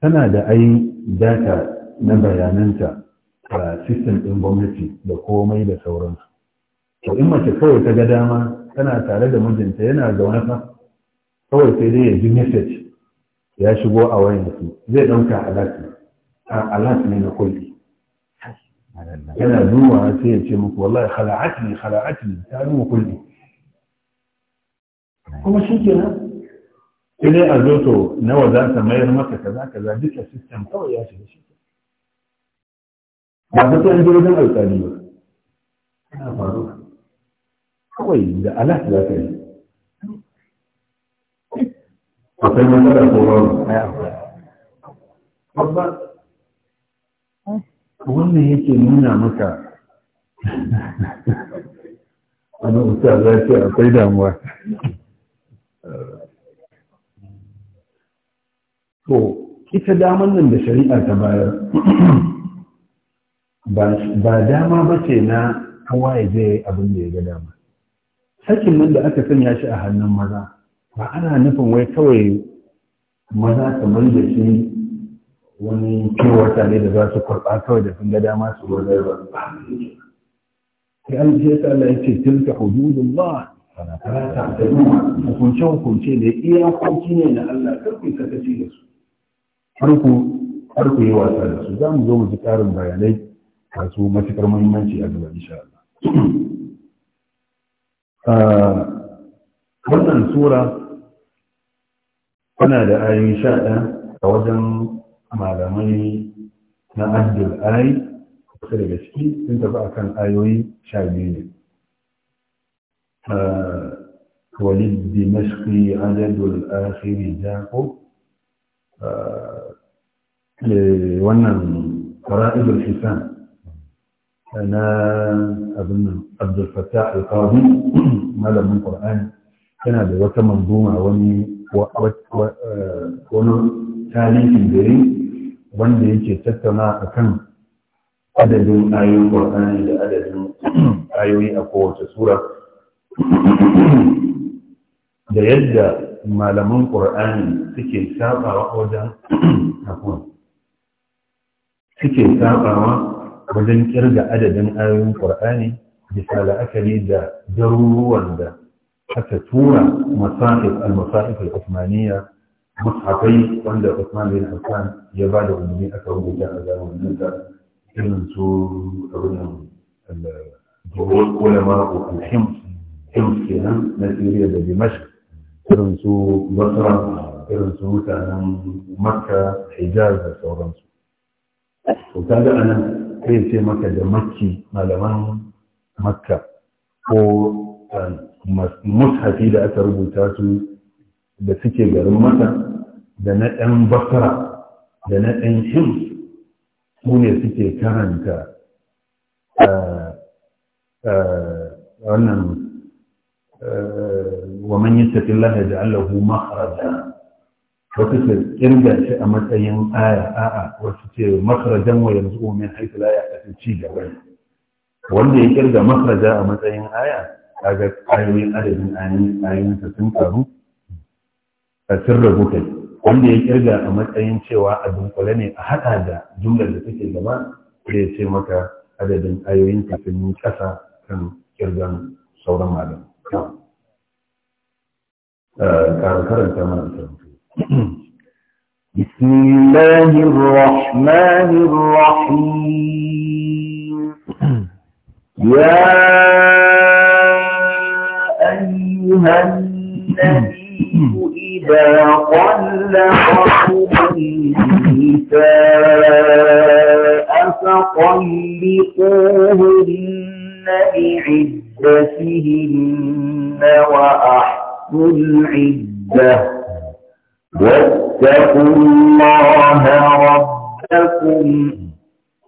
tana da ayi data na bayananta a system ɗin gwamnati da komai da sauransu to in mace kawai ta ga dama tana tare da mijinta yana zaune fa kawai sai dai ya ji message ya shigo a wayansu zai ɗauka a alat ne na kulli yana zuwa sai ya ce muku wallahi khala'atni khala'atni ta nuna kulli kuma shi kenan idan a zo to nawa za ta mayar maka kaza kaza duka system kawai ya shiga shi ba ta tsayin jirgin alƙali ba ana faruwa kawai da alat za ka yi akwai matsala ko babu babba wannan yake nuna maka wani usta za ce akwai damuwa to ita daman nan da shari'a ta bayar ba dama ba ce na hawa ya je abin da ya ga dama sakin nan da aka sanya shi a hannun maza ba ana nufin wai kawai maza kamar da shi wani kiwata tare da za su kurɓa kawai da sun ga dama su wajen ba sai an ce ta Allah ya ce tilka hududun ba sana ta ta da hukunce hukunce da iya hukunci ne na Allah kar ku saka ci da su har ku yi wasa da su za mu zo mu ji ƙarin bayanai masu matuƙar muhimmanci a gaba insha Allah ah, wannan sura tana da ayoyi sha ɗaya a wajen malamai na abdul ai kusa daga ciki sun tafi kan ayoyi sha biyu ne walid dimashqi adadul akhiri jako wannan fara'idul hisan na abin abdul fatah al-qadi malamin qur'ani kana da wata manzuma wani wani tarihin da yi wanda yake tattauna a kan adadin ayoyin ƙwarƙani da adadin ayoyi a kowace sura da yadda malaman ƙwarƙani suke sabawa wajen suke sabawa wajen kirga adadin ayoyin ƙwarƙani bisa la'akari da garuruwan da aka tura masa'if al al-usmaniyya mushafai wanda Usman bin Affan ya ba da umarni aka rubuta a zamanin da irin su abin jihar ulama ko alhims hims kenan na Siriya da Dimashq irin su Basra irin su mutanen Makka Hijaz da sauransu to kaga anan kai ce maka da makki malaman makka ko mushafi da aka rubuta su da suke garin masar da na ɗan basara, da na ɗan hims su ne suke karanta eh, eh, wannan eh, wa man yattaqi Allah yaj'al lahu wasu ce kirga shi a matsayin aya a'a wasu ce makhrajan wa yanzu min haythu la ya'tafi ci gaba wanda ya kirga makhraja a matsayin aya kaga ayoyin adadin ayoyin sun karu sun rabu kai wanda ya kirga a matsayin cewa a dunkule ne a hada da jumlar da take gaba da ya ce maka adadin ayoyin kafin yi kasa kan kirgan sauran malam karanta mana karanta بسم الله الرحمن الرحيم يا أيها النبي إذا طلقتم النساء فطلقوهن لعدتهن وأحصوا العدة واتقوا الله ربكم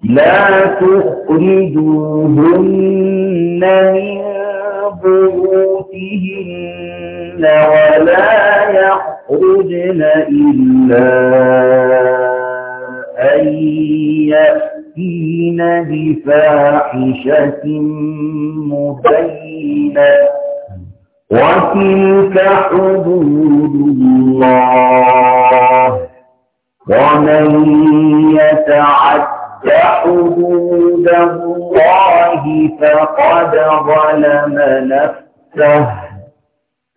لا تخرجوهن من بيوتهن ولا يخرجن إلا أن يأتين بفاحشة مبينة وتلك حدود الله ومن يتعد حدود الله فقد ظلم نفسه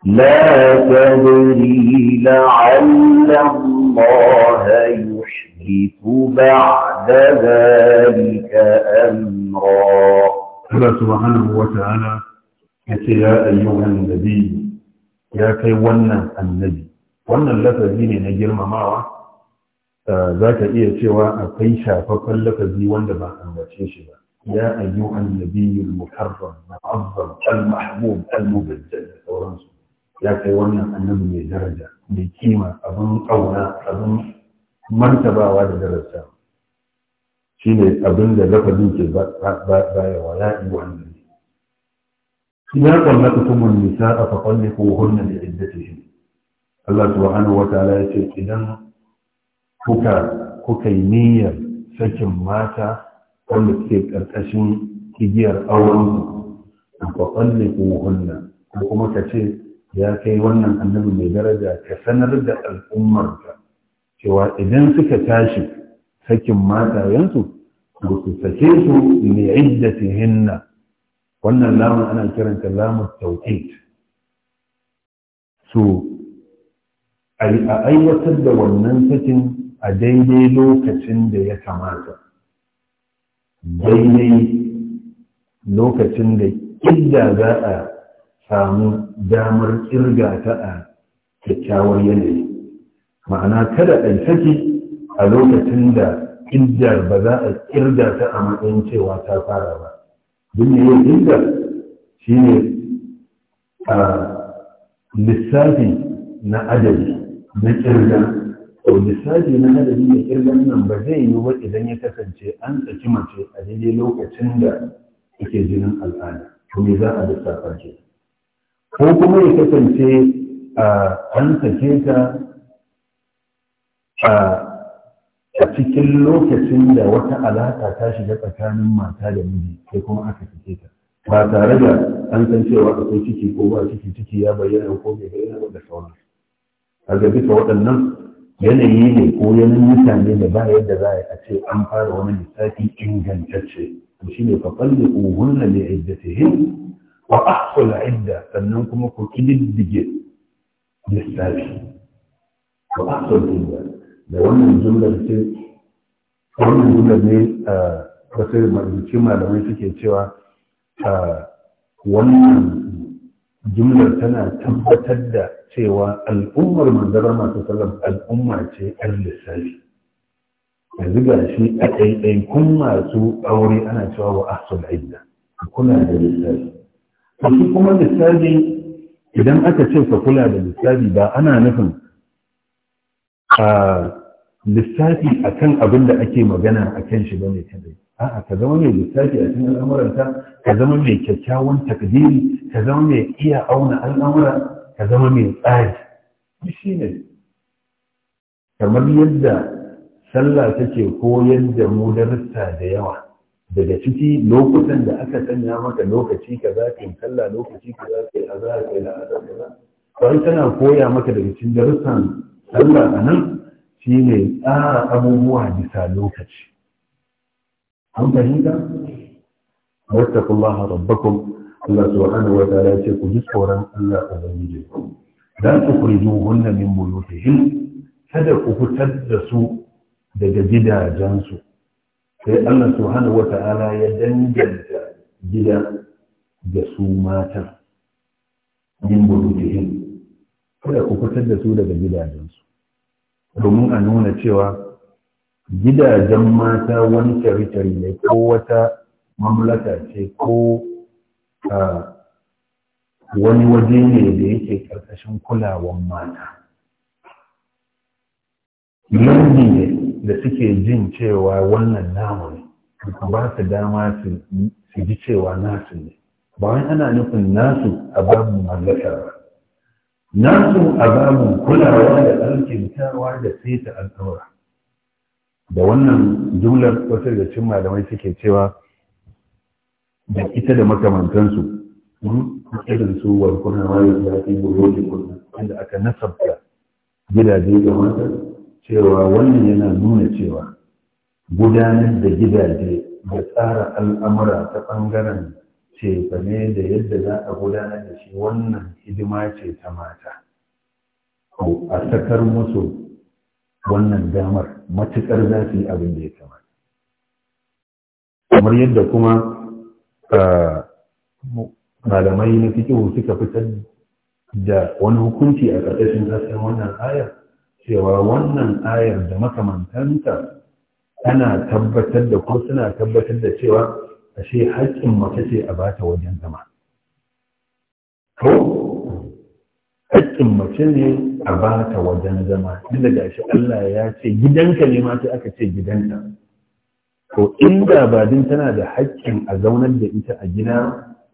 لا تدري لعل الله يحدث بعد ذلك أمرا قال سبحانه وتعالى يا أيها النبي يا كي ونا النبي ونا الذي من أجل ما معه آه، ذاك إيه سوى أقيشا فقال لك ذي وندبا أن تشيشها يا أيها النبي المكرم المعظم المحبوب المبدل ورسول ya kai wannan annabi mai daraja mai kima abin ƙauna abin martabawa da daraja shi ne abin da lafazin ke bayawa ya yi wannan ya kwallaka tumun nisa a faƙon ko hunna da shi. Allah subhanahu wa ta'ala ya ce idan kuka yi niyyar sakin mata wanda suke ƙarƙashin igiyar auren ku faƙon ko hunna ko kuma ka ce ya kai wannan annabi mai daraja ka sanar da al'ummarta cewa idan suka tashi sakin matayensu ba su sake su ne hinna. wannan lamun ana kiranta lamun tauhid su a aiwatar da wannan sakin a daidai lokacin da ya kamata daidai lokacin da idda za a samu damar kirga ta a kyakkyawar yanayi ma'ana kada a saki a lokacin da ƙiddar ba za a kirga ta a matsayin cewa ta fara ba duk da yin ƙiddar shi ne a lissafi na adadi na kirga to lissafi na adadi da kirgan nan ba zai yi ba idan ya kasance an tsaki mace a daidai lokacin da ake jinin al'ada to me za a lissafa ke ko kuma ya kasance a an sake ta a cikin lokacin da wata alaƙa ta shiga tsakanin mata da miji sai kuma aka sake ta ba tare da an san cewa akwai ciki ko ba ciki ciki ya bayyana ko bai bayyana ba da sauran ga bisa waɗannan yanayi ne ko yanayin mutane da ba yadda za a ce an fara wani lissafi ingantacce to shine fa qalliquhunna li iddatihin wa ahsul idda sannan kuma ku kididdige lissafi wa ahsul idda da wannan jumlar ce wannan jumlar ne wasu marubuci malamai suke cewa wannan jumlar tana tabbatar da cewa al'ummar manzara masu sallam al'umma ce ɗan lissafi yanzu ga shi a ɗaiɗaikun masu aure ana cewa wa ahsul idda kuna da lissafi Wasu kuma lissafi idan aka ce ka kula da lissafi ba ana nufin lissafi a kan abin da ake magana a kan shi ba ne kadai. A'a ka zama mai lissafi a cikin al'amuranta, ka zama mai kyakkyawan takdiri, ka zama mai iya auna al'amura, ka zama mai tsari. Shi ne. Kamar yadda sallah take koyar da mu darussa da yawa. daga ciki lokutan da aka sanya maka lokaci ka za ka yi lokaci ka za ka yi azhar ka yi la'asar ka tana koya maka daga cikin darussan sallah a nan shine tsara abubuwa bisa lokaci an fahimta wattaqullaha rabbakum Allah subhanahu wa ta'ala ya ce ku ji tsoron Allah ubangiji dan ku kurju hunna min buyutihim kada ku fitar da su daga gidajensu sai Allah subhanahu Ta'ala ya danganta gida da su mata yin burutihin kada ku fitar da su daga gidajensu domin a nuna cewa gidajen mata wani territory ne ko wata mamlaka ce ko wani waje ne da yake ƙarƙashin kulawan mata. Yanzu ne da suke jin cewa wannan namu ne ba su dama su ji cewa nasu ne ba wani ana nufin nasu a babin mallaka ba nasu a babin kulawa da alkintawa da saita al'aura da wannan jumlar wasu da cin malamai suke cewa da ita da makamantansu hmm, irin su warkunan rayu da ya kuma wanda aka nasabta gidaje ga mata cewa wannan yana nuna cewa gudanar da gidaje da tsara al'amura ta ɓangaren cefane da yadda za a gudanar da shi wannan hidima ce ta mata a sakar musu wannan damar matuƙar za su yi abin da ya kamata kamar yadda kuma malamai na fikihu suka fitar da wani hukunci a ƙarƙashin hasken wannan ayar cewa wannan ayar da makamantanta tana tabbatar da ko suna tabbatar da cewa ashe haƙƙin mace ce a bata wajen zama ko haƙƙin mace ne a bata wajen zama inda da shi Allah ya ce gidanka ne ma sai aka ce gidanta to inda badin tana da haƙƙin a zaunar da ita a gida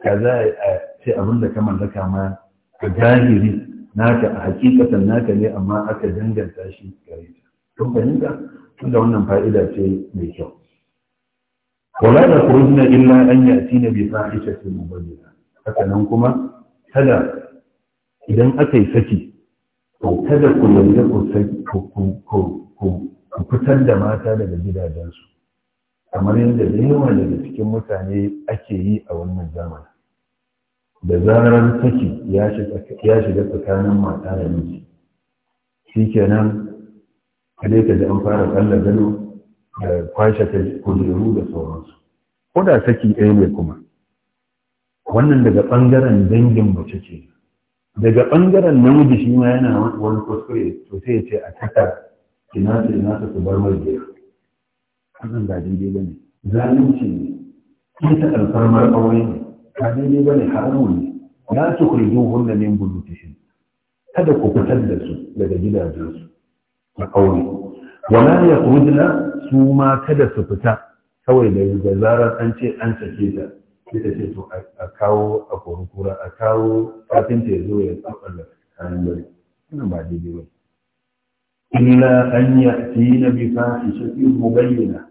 kaza a ce abin da ka mallaka ma a zahiri naka a hakikatan naka ne amma aka danganta shi gare ta to fahimta tunda wannan fa'ida ce mai kyau wala da kurujina illa an yati na bi fahishatin mubadila haka nan kuma kada idan aka yi saki to kada ku yarda ku ku fitar da mata daga gidajensu kamar yadda da yawa daga cikin mutane ake yi a wannan zamanin da zarar saki ya shiga tsakanin mata da miji shi kenan kadai ka ji an fara tsalla gano da kwashe kujeru da sauransu ko da saki ɗaya ne kuma wannan daga ɓangaren dangin mace ce daga ɓangaren namiji shi ma yana wani kuskure to sai ce a taka ina su ina su bar mai wannan ba daidai ba ne zalunci ne ita alfarmar aure ne ba daidai ba ne haramu ne la su kurjin hunna min kada ku fitar da su daga gidajensu na aure wala ya kurjina su ma kada su fita kawai da zarar an ce an sake ta sai ta ce to a kawo a kurkura a kawo kafinta ya zo ya tsabbala kan bari wannan ba daidai ba illa an ya'ti na bi shi mubayyana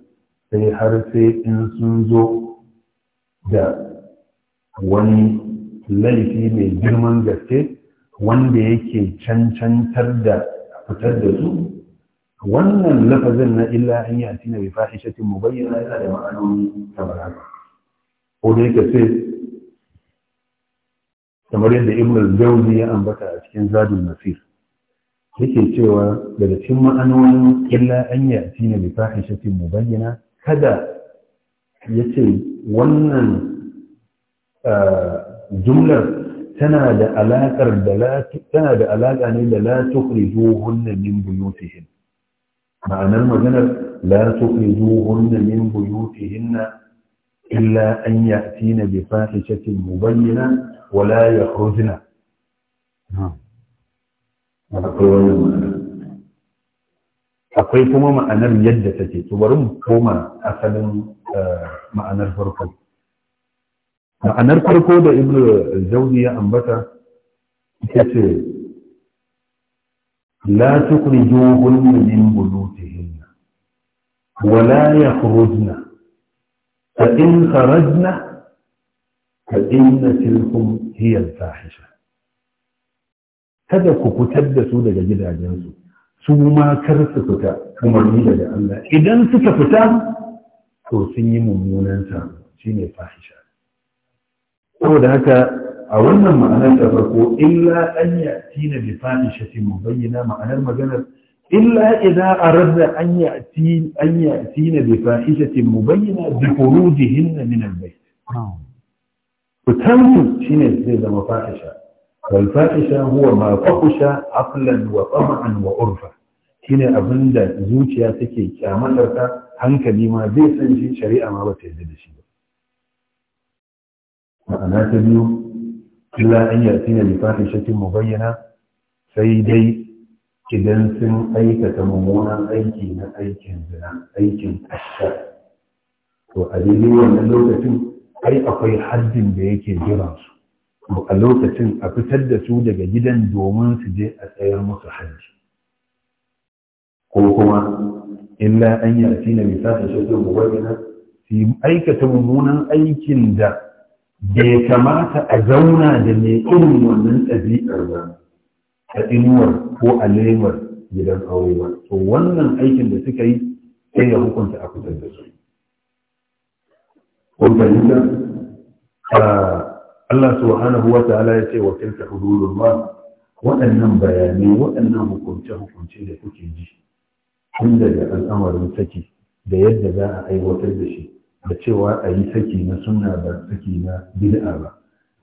sai har sai in sun zo da wani laifi mai girman gaske wanda yake cancantar da fitar da su wannan lafazin na illa an yi atina bi fahishatin mubayyana yana da ma'anoni ta haka ko da yake sai kamar yadda ibn al-jawzi ya ambata a cikin zadul nasir yake cewa daga cikin ma'anonin illa an yi atina bi fahishatin bayyana kada ya ce wannan آه، جملة تنا لألا ترد لا تنا لألا أن لا تخرجوهن من بيوتهن معنى المجنة لا تخرجوهن من بيوتهن إلا أن يأتين بفاحشة مبينة ولا يخرجن akwai kuma ma'anar yadda take to bari mu koma asalin ma'anar farko da ibn jauzi ya ambata ita ce la tukhrijuhunna min buyutihinna wa la yakhrujna fa in kharajna fa inna tilkum hiya al-fahisha kada ku fitar da su daga gidajensu su ma kar su fita umarni daga Allah idan suka fita to sun yi mummunan samu shine fahisha saboda haka a wannan ma'anar ta farko illa an yatina bi fahishatin ma'anar maganar إلا إذا أردنا أن يأتين أن يأتين بفاحشة مبينة بخروجهن من البيت. وتمت شنو زي ما والفاحشة هو ما فحش عقلا وطمعا وعرفا. هنا أبندا زوجيا تكي كاملتا هنكلي ما شريعة ما بتهدد ma'ana ta biyu illa an yati na lifafi shakin mu bayyana sai dai idan sun aikata mummunan aiki na aikin zina aikin ashar to a daidai wannan lokacin ai akwai haddin da yake jira su a lokacin a fitar da su daga gidan domin su je a tsayar musu hajji ko kuma illa an yati na lifafi shakin mu bayyana su aikata mummunan aikin da bai kamata a zauna da mai irin wannan ɗabi'ar ba a inuwar ko a lemar gidan aure ba to wannan aikin da suka yi sai ya hukunta a fitar da su kun fahimta Allah subhanahu wa ta'ala ya ce wa tilka hududullah waɗannan bayanai waɗannan hukunce-hukunce da kuke ji tun daga al'amarin saki da yadda za a aiwatar da shi da cewa a yi saki na suna ba saki na bid'a ba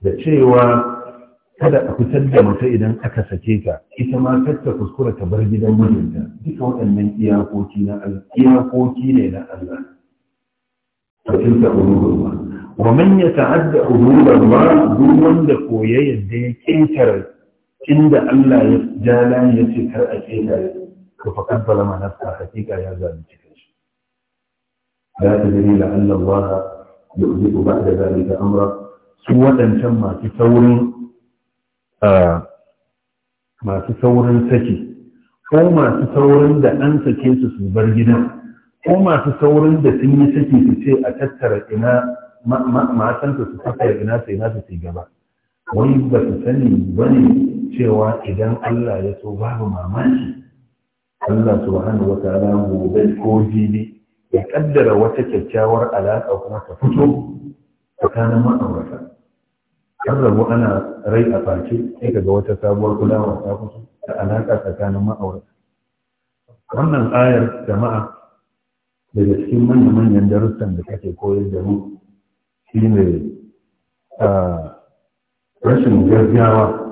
da cewa kada a fitar da mace idan aka sake ta ita ma kacce kuskura ta bar gidan mijinta duka waɗannan iyakoki na iyakoki ne na Allah cikin ta ururwa wa man yata'adda ururwa duk wanda koya yadda ya kintar inda Allah ya jala ya ce kar a keta ka fa kabbala ma haƙiƙa hakika ya zalunci لا تدري لعل الله يؤذيك بعد ذلك أمرا سوى أن شمع في ثور ما في ثور سكي ko masu saurin da an sake su su bar gidan ko masu saurin da sun yi saki su ce a tattara ina matansa su tattara ina sai na su gaba wai ba su sani bane cewa idan Allah ya so babu mamaki Allah subhanahu wa ta'ala gobe ko jibi ya kaddara wata kyakkyawar alaƙa kuma ta fito tsakanin ma'aurata an rabu ana rai a face sai ka ga wata sabuwar kulawa ta fito ta alaƙa tsakanin ma'aurata wannan ayar jama'a daga cikin manya-manyan darussan da kake koyar da mu shi ne rashin gaggawa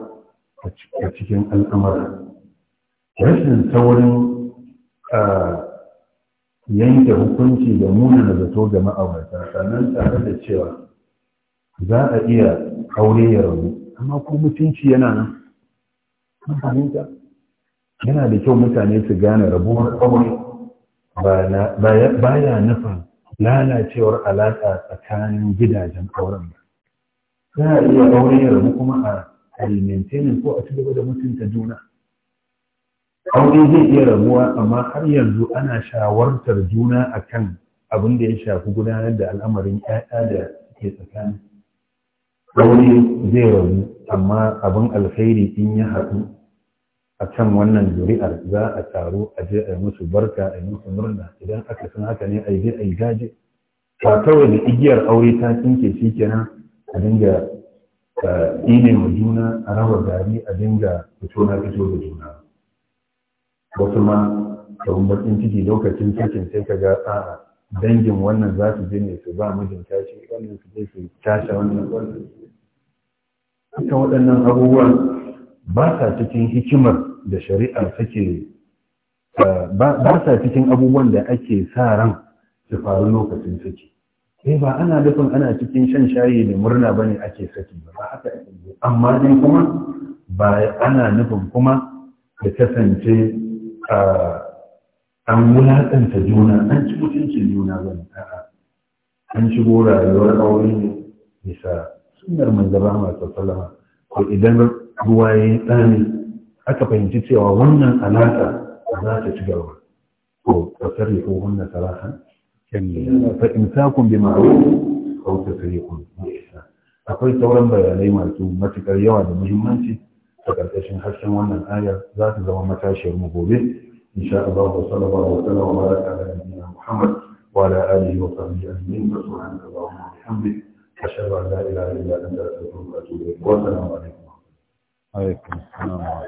a cikin al'amara, rashin saurin yanke hukunci da muna da zato ga ma'aurata sannan tare da cewa za a iya aure ya rabu amma ko mutunci yana nan fahimta yana da kyau mutane su gane rabuwar aure ba ya nufin lalacewar alaƙa tsakanin gidajen auren ba za a iya aure ya rabu kuma a alimentenin ko a ci gaba da mutunta juna aure zai iya rabuwa amma har yanzu ana shawartar juna akan abin da ya shafi gudanar da al'amarin ƴaƴa da ke tsakani aure zai rabu amma abin alkhairi in ya haɗu a can wannan zuri'ar za a taru a je a yi musu barka a yi musu murna idan aka san haka ne a je a yi gaje ba kawai da igiyar aure ta tsinke shi kenan a dinga eh, ine ma juna a raba gari a dinga fito na fito da juna wasu ma ciki lokacin cikin sai ka ga a dangin wannan za su je ne su ba mijin tashi wannan su je su tashi wannan wannan waɗannan abubuwan ba sa cikin hikimar da shari'a take ba sa cikin abubuwan da ake sa ran su faru lokacin suke. sai eh, ba ana nufin ana cikin shan shayi da murna bane ake saki ba ba haka ake amma dai kuma ba ana nufin kuma ya kasance an wulaƙanta juna an ci mutuncin juna zan ta'a an shigo rayuwar aure ne bisa sunar manzara masu salama ko idan ruwa ya yi tsani aka fahimci cewa wannan alaƙa za ta ci gaba ko kasar ya kohon na sarahan fa imsakun bi ma'ruf ko kun bi ihsan akwai sauran bayanai masu matuƙar yawa da muhimmanci a ƙarƙashin harshen wannan ayar za ta zama matashiyar mu gobe insha Allah wa sallallahu wa sallam wa baraka ala nabiyyina Muhammad wa ala alihi wa sahbihi ajma'in wa subhanaka allahumma wa bihamdik ashhadu an la ilaha illa anta astaghfiruka wa atubu wa assalamu alaikum wa